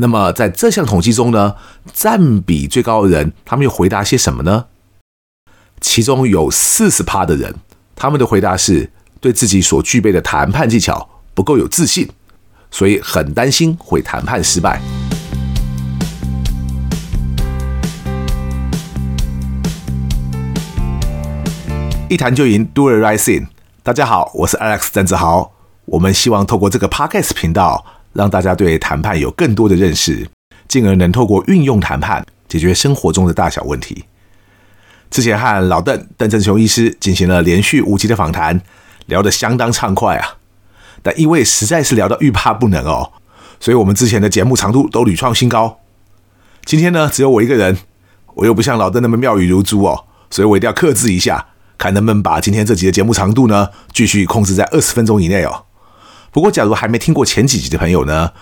那麼，在這項統計中呢，占比最高的人，他們又回答些什麼呢？其中有四十趴的人，他們的回答是對自己所具備的談判技巧不夠有自信，所以很擔心會談判失敗。一談就贏，Do the right thing。大家好，我是 Alex 鄭志豪，我們希望透過這個 Podcast 頻道，讓大家對談判有更多的認識，進而能透過運用談判解決生活中的大小問題。之前和老鄧鄧正雄醫師進行了連續五期的訪談，聊得相當暢快啊。但因為實在是聊到欲罷不能哦，所以我們之前的節目長度都屢創新高。今天呢，只有我一個人，我又不像老鄧那麼妙語如珠哦，所以我一定要克制一下，看能不能把今天這集的節目長度呢繼續控制在二十分鐘以內哦。不過，假如還沒聽過前幾集的朋友呢，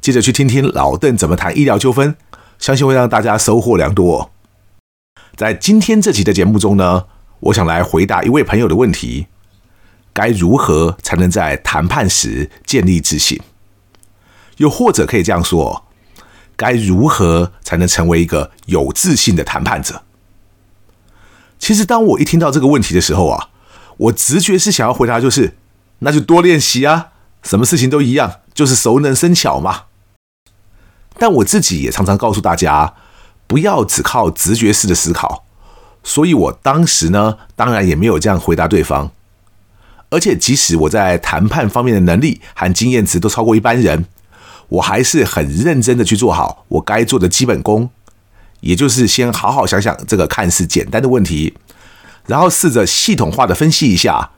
記得去聽聽老鄧怎麼談醫療糾紛，相信會讓大家收穫良多。在今天這集的節目中呢，我想來回答一位朋友的問題：該如何才能在談判時建立自信？又或者可以這樣說：該如何才能成為一個有自信的談判者？其實，當我一聽到這個問題的時候啊，我直覺是想要回答，就是。那就多練習啊，什麼事情都一樣，就是熟能生巧嘛。但我自己也常常告訴大家，不要只靠直覺式的思考。所以我當時呢，當然也沒有這樣回答對方。而且即使我在談判方面的能力和經驗值都超過一般人，我還是很認真的去做好我該做的基本功，也就是先好好想想這個看似簡單的問題，然後試着系統化的分析一下。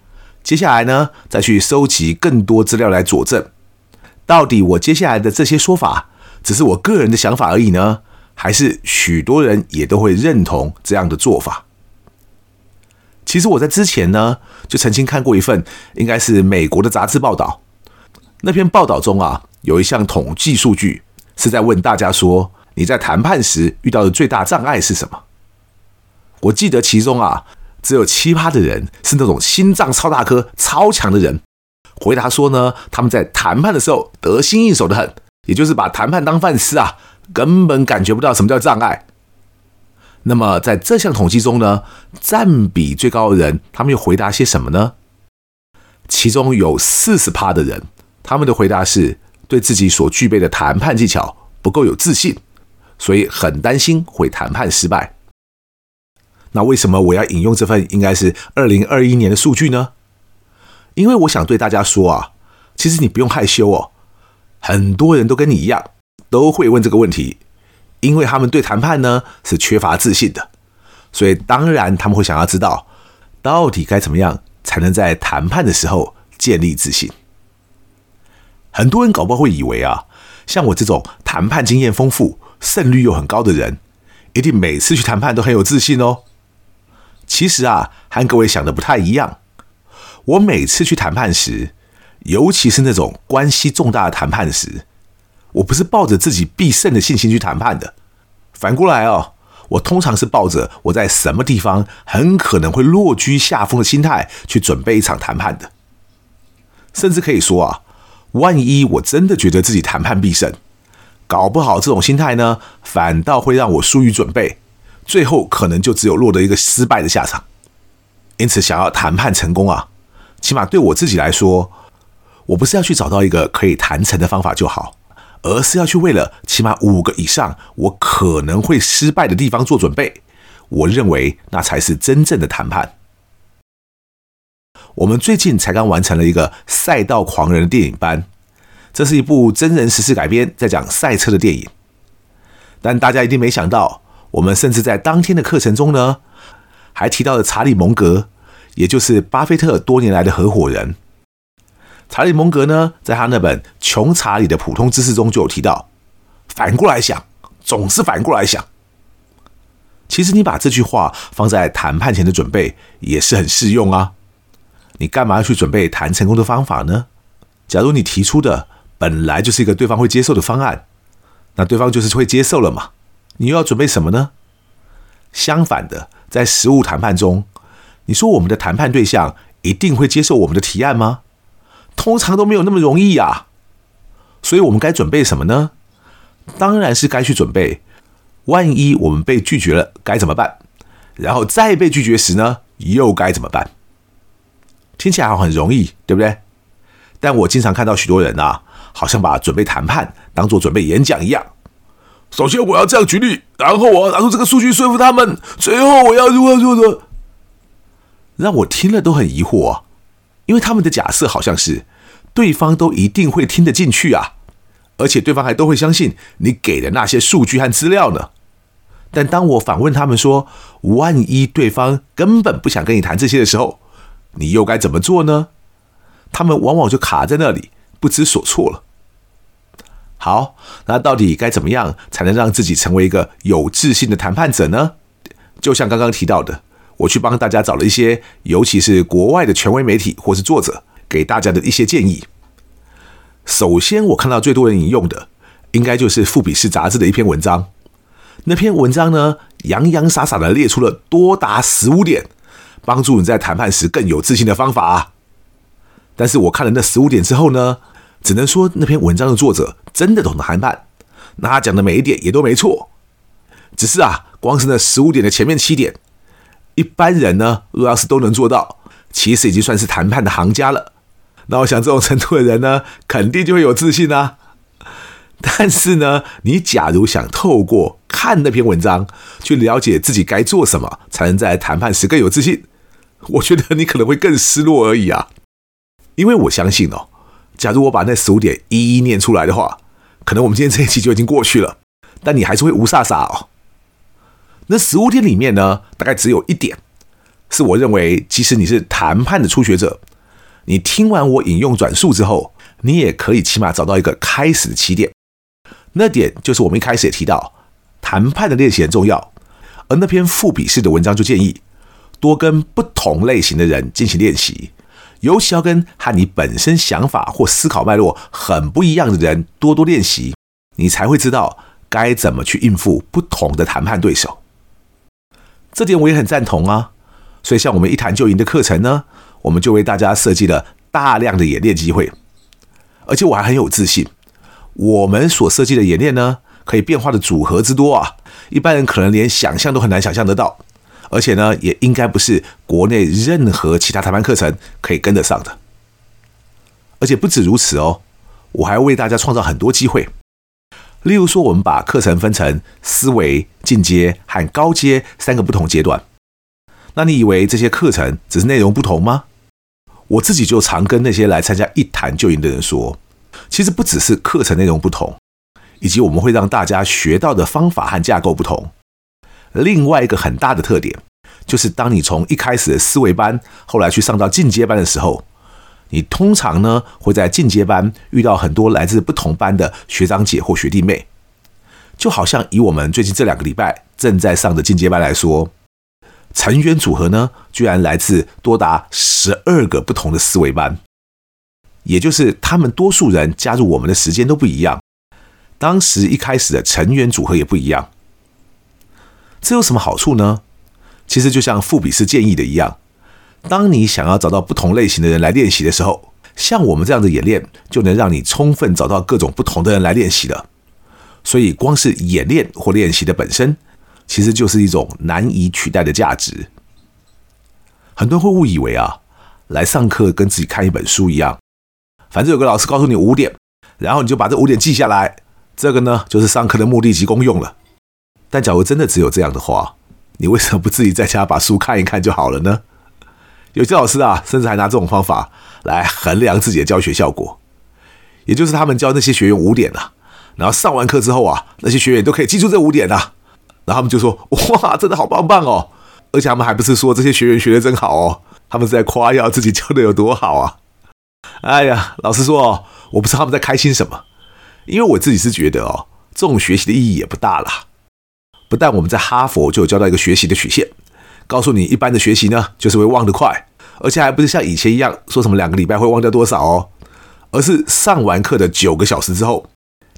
接下來呢，再去收集更多資料來佐證，到底我接下來的這些說法，只是我個人的想法而已呢？還是許多人也都會認同這樣的做法？其實我在之前呢，就曾經看過一份應該是美國的雜誌報道，那篇報道中啊，有一項統計數據是在問大家說，你在談判時遇到的最大障礙是什麼？我記得其中啊，只有七趴的人是那種心臟超大顆、超強的人，回答說呢，他們在談判的時候得心應手的很，也就是把談判當飯吃啊，根本感覺不到什麼叫障礙。那麼在這項統計中呢，占比最高的人，他們又回答些什麼呢？其中有四十趴的人，他們的回答是對自己所具備的談判技巧不夠有自信，所以很擔心會談判失敗。那為什麼我要引用這份應該是二零二一年的數據呢？因為我想對大家說啊，其實你不用害羞哦，很多人都跟你一樣都會問這個問題，因為他們對談判呢是缺乏自信的，所以當然他們會想要知道到底該怎麼樣才能在談判的時候建立自信。很多人搞不好會以為啊，像我這種談判經驗豐富、勝率又很高的人，一定每次去談判都很有自信哦。其實啊，和各位想的不太一樣。我每次去談判時，尤其是那種關係重大的談判時，我不是抱着自己必勝的信心去談判的。反過來哦，我通常是抱着我在什麼地方很可能會落居下風的心態去準備一場談判的。甚至可以說啊，萬一我真的覺得自己談判必勝，搞不好這種心態呢，反倒會讓我疏於準備。最後可能就只有落得一個失敗的下場，因此，想要談判成功啊，起碼，對我自己來說，我不是要去找到一個可以談成的方法就好，而是要去為了起碼五個以上我可能會失敗的地方做準備。我認為那才是真正的談判。我們最近才剛完成了一個《賽道狂人》的電影班，這是一部真人實事改編在講賽車的電影，但大家一定沒想到。我們甚至在當天的課程中呢，還提到了查理·蒙格，也就是巴菲特多年來的合夥人。查理·蒙格呢，在他那本《窮查理的普通知識》中就有提到，反過來想，總是反過來想。其實你把這句話放在談判前的準備也是很適用啊。你幹嘛要去準備談成功的方法呢？假如你提出的本來就是一個對方會接受的方案，那對方就是會接受了嘛。你又要準備什麼呢？相反的，在實務談判中，你說我們的談判對象一定會接受我們的提案嗎？通常都沒有那麼容易呀。所以我們該準備什麼呢？當然是該去準備，萬一我們被拒絕了該怎麼辦？然後再被拒絕時呢，又該怎麼辦？聽起來好像很容易，對不對？但我經常看到許多人啊，好像把準備談判當做準備演講一樣。首先，我要這樣舉例，然後我要拿出這個數據說服他們，最後我要如何如何，讓我聽了都很疑惑啊！因為他們的假設好像是對方都一定會聽得進去啊，而且對方還都會相信你給的那些數據和資料呢。但當我反問他們說，萬一對方根本不想跟你談這些的時候，你又該怎麼做呢？他們往往就卡在那裡，不知所措了。好，那到底該怎麼樣才能讓自己成為一個有自信的談判者呢？就像剛剛提到的，我去幫大家找了一些，尤其是國外的權威媒體或是作者給大家的一些建議。首先，我看到最多人引用的，應該就是《富比世》雜誌的一篇文章。那篇文章呢，洋洋灑灑的列出了多達十五點，幫助你在談判時更有自信的方法。但是，我看了那十五點之後呢，只能說那篇文章的作者真的懂得談判，那他講的每一點也都沒錯。只是啊，光是那十五點的前面七點，一般人呢，若要是都能做到，其實已經算是談判的行家了。那我想這種程度的人呢，肯定就會有自信啊。但是呢，你假如想透過看那篇文章去了解自己該做什麼，才能在談判時更有自信，我覺得你可能會更失落而已啊。因為我相信哦。假如我把那十五點一一念出來的話，可能我們今天這一期就已經過去了。但你還是會霧煞煞哦。那十五點裡面呢，大概只有一點，是我認為，即使你是談判的初學者，你聽完我引用轉述之後，你也可以起碼找到一個開始的起點。那點就是我們一開始也提到，談判的練習很重要。而那篇富比世的文章就建議，多跟不同類型的人進行練習。尤其要跟和你本身想法或思考脈絡很不一樣的人多多練習，你才會知道該怎麼去應付不同的談判對手。這點我也很贊同啊。所以像我們一談就贏的課程呢，我們就為大家設計了大量的演練機會，而且我還很有自信，我們所設計的演練呢，可以變化的組合之多啊，一般人可能連想象都很難想象得到。而且呢，也應該不是國內任何其他談判課程可以跟得上的。而且不止如此哦，我還要為大家創造很多機會。例如說，我們把課程分成思維、進階和高階三個不同階段。那你以為這些課程只是內容不同嗎？我自己就常跟那些來參加一談就贏的人說，其實不只是課程內容不同，以及我們會讓大家學到的方法和架構不同。另外一個很大的特點，就是當你從一開始的思維班，後來去上到進階班的時候，你通常呢會在進階班遇到很多來自不同班的學長姐或學弟妹，就好像以我們最近這兩個禮拜正在上的進階班來說，成員組合呢居然來自多達十二個不同的思維班，也就是他們多數人加入我們的時間都不一樣，當時一開始的成員組合也不一樣。這有什麼好處呢？其實就像富比世建議的一樣，當你想要找到不同類型的人來練習的時候，像我們這樣的演練，就能讓你充分找到各種不同的人來練習了。所以，光是演練或練習的本身，其實就是一種難以取代的價值。很多人會誤以為啊，來上課跟自己看一本書一樣，反正有個老師告訴你五點，然後你就把這五點記下來，這個呢，就是上課的目的及功用了。但假如真的只有這樣的話，你為什麼不自己在家把書看一看就好了呢？有些老師啊，甚至還拿這種方法來衡量自己的教學效果，也就是他們教那些學員五點啊，然後上完課之後啊，那些學員都可以記住這五點啊，然後他們就說：“哇，真的好棒棒哦！”而且他們還不是說這些學員學得真好哦，他們是在誇耀自己教的有多好啊。哎呀，老實說哦，我不知道他們在開心什麼，因為我自己是覺得哦，這種學習的意義也不大啦。不但我們在哈佛就有教到一個學習的曲線，告訴你一般的學習呢，就是會忘得快，而且還不是像以前一樣說什麼兩個禮拜會忘掉多少哦，而是上完課的九個小時之後，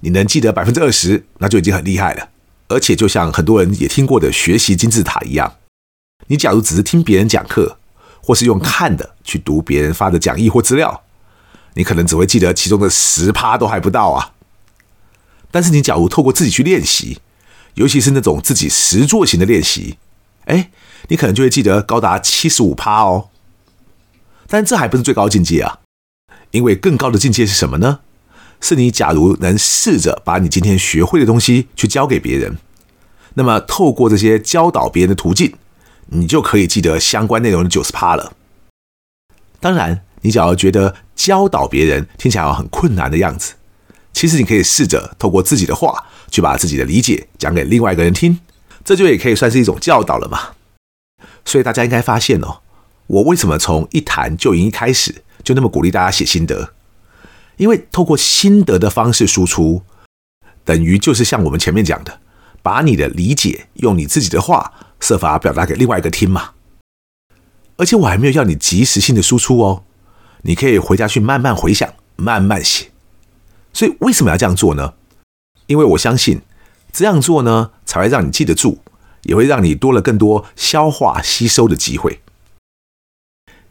你能記得百分之二十，那就已經很厲害了。而且就像很多人也聽過的學習金字塔一樣，你假如只是聽別人講課，或是用看的去讀別人發的講義或資料，你可能只會記得其中的十趴都還不到啊。但是你假如透過自己去練習，尤其是那種自己實作型的練習，哎，你可能就會記得高達七十五趴哦。但這還不是最高境界啊，因為更高的境界是什麼呢？是你假如能試着把你今天學會的東西去教給別人，那麼透過這些教導別人的途徑，你就可以記得相關內容的九十趴了。當然，你只要覺得教導別人聽起來很困難的樣子。其實你可以試着透過自己的話去把自己的理解講給另外一個人聽，這就也可以算是一種教導了嘛。所以大家應該發現哦，我為什麼從一談就贏一開始就那麼鼓勵大家寫心得？因為透過心得的方式輸出，等於就是像我們前面講的，把你的理解用你自己的話設法表達給另外一個聽嘛。而且我還沒有要你即時性的輸出哦，你可以回家去慢慢回想，慢慢寫。所以為什麼要這樣做呢？因為我相信這樣做呢，才會讓你記得住，也會讓你多了更多消化吸收的機會。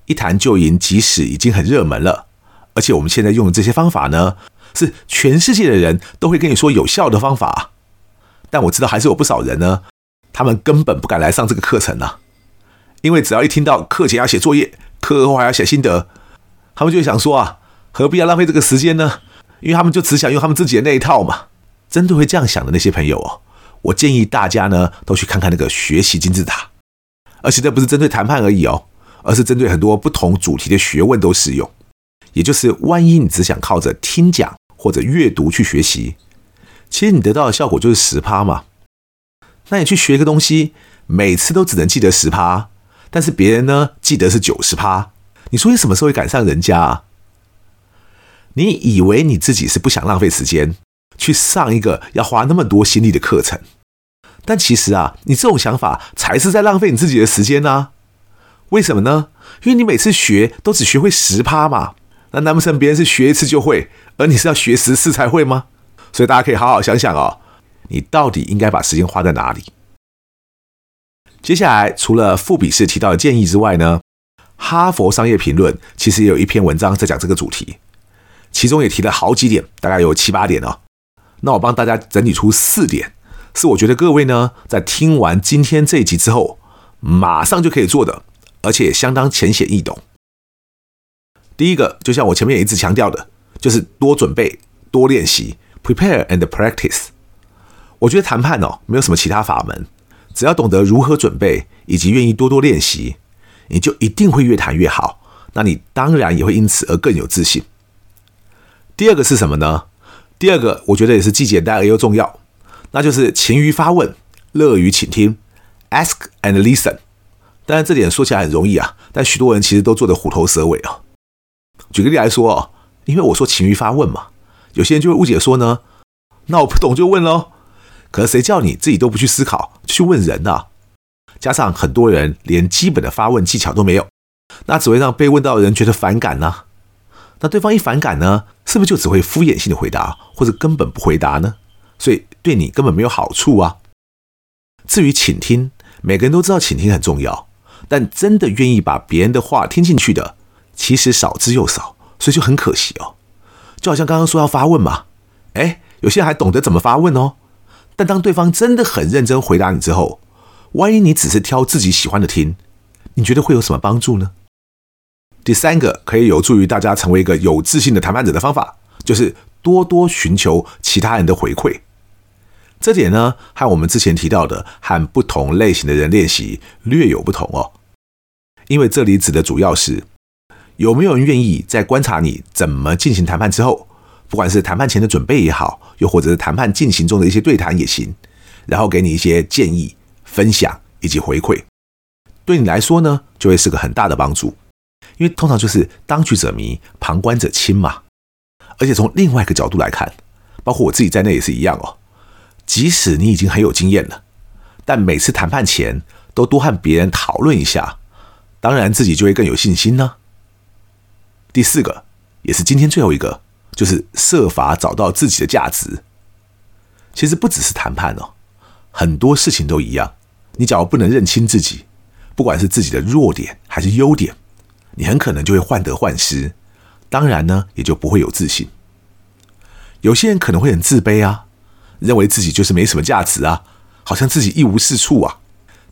一談就贏，即使已經很熱門了。而且我們現在用的這些方法呢，是全世界的人都會跟你說有效的方法。但我知道還是有不少人呢，他們根本不敢來上這個課程呢，啊，因為只要一聽到課前要寫作業，課後還要寫心得，他們就會想說啊，何必要浪費這個時間呢？因為他們就只想用他們自己的那一套嘛，針對會這樣想的那些朋友哦，我建議大家呢都去看看那個學習金字塔，而且這不是針對談判而已哦，而是針對很多不同主題的學問都適用。也就是，萬一你只想靠着聽講或者閱讀去學習，其實你得到的效果就是十趴嘛。那你去學一個東西，每次都只能記得十趴，但是別人呢記得是九十趴，你說你什麼時候會趕上人家啊？你以為你自己是不想浪費時間去上一個要花那麼多心力的課程，但其實啊，你這種想法才是在浪費你自己的時間啊。為什麼呢？因為你每次學都只學會十趴嘛。那難不成別人是學一次就會，而你是要學十次才會嗎？所以大家可以好好想想哦，你到底應該把時間花在哪裡？接下來除了富比世提到的建議之外呢，哈佛商業評論其實也有一篇文章在講這個主題。其中也提了好幾點，大概有七八點哦。那我幫大家整理出四點，是我覺得各位呢在聽完今天這一集之後，馬上就可以做的，而且也相當淺顯易懂。第一個，就像我前面也一直強調的，就是多準備、多練習 （prepare and practice）。我覺得談判哦沒有什麼其他法門，只要懂得如何準備，以及願意多多練習，你就一定會越談越好。那你當然也會因此而更有自信。第二個是什麼呢？第二個我覺得也是既簡單而又重要，那就是勤於發問，樂於傾聽，ask and listen。當然這點說起來很容易啊，但許多人其實都做得虎頭蛇尾啊。舉個例來說哦，因為我說勤於發問嘛，有些人就會誤解說呢，那我不懂就問咯，可是誰叫你自己都不去思考，就去問人啊，加上很多人連基本的發問技巧都沒有，那只會讓被問到的人覺得反感啊。那對方一反感呢？是不是就只會敷衍性的回答，或者根本不回答呢？所以對你根本沒有好處啊。至於傾聽，每個人都知道傾聽很重要，但真的願意把別人的話聽進去的，其實少之又少，所以就很可惜哦。就好像剛剛說要發問嘛，誒，有些人還懂得怎麼發問哦。但當對方真的很認真回答你之後，萬一你只是挑自己喜歡的聽，你覺得會有什麼幫助呢？第三個可以有助於大家成為一個有自信的談判者的方法，就是多多尋求其他人的回饋。這點呢，和我們之前提到的和不同類型的人練習略有不同哦。因為這裡指的主要是有沒有人願意在觀察你怎麼進行談判之後，不管是談判前的準備也好，又或者是談判進行中的一些對談也行，然後給你一些建議、分享以及回饋，對你來說呢，就會是個很大的幫助。因為通常就是當局者迷、旁觀者清嘛。而且從另外一個角度來看，包括我自己在內也是一樣哦。即使你已經很有經驗了，但每次談判前都多和別人討論一下，當然自己就會更有信心呢，啊。第四個，也是今天最後一個，就是設法找到自己的價值。其實不只是談判哦，很多事情都一樣。你假如不能認清自己，不管是自己的弱點還是優點。你很可能就會患得患失，當然呢，也就不會有自信。有些人可能會很自卑啊，認為自己就是沒什麼價值啊，好像自己一無是處啊。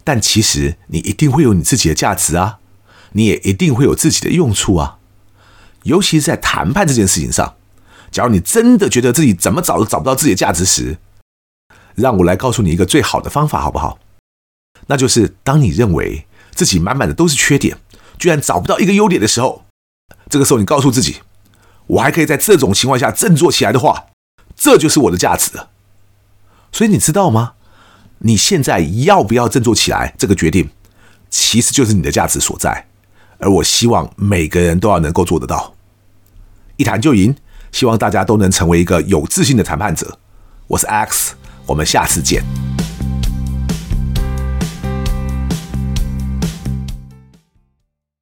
但其實你一定會有你自己的價值啊，你也一定會有自己的用處啊。尤其是在談判這件事情上，假如你真的覺得自己怎麼找都找不到自己的價值時，讓我來告訴你一個最好的方法好不好？那就是當你認為自己滿滿的都是缺點，居然找不到一個優點的時候，這個時候你告訴自己，我還可以在這種情況下振作起來的話，這就是我的價值。所以你知道嗎？你現在要不要振作起來？這個決定其實就是你的價值所在。而我希望每個人都要能夠做得到，一談就贏。希望大家都能成為一個有自信的談判者。我是 Alex，我們下次見。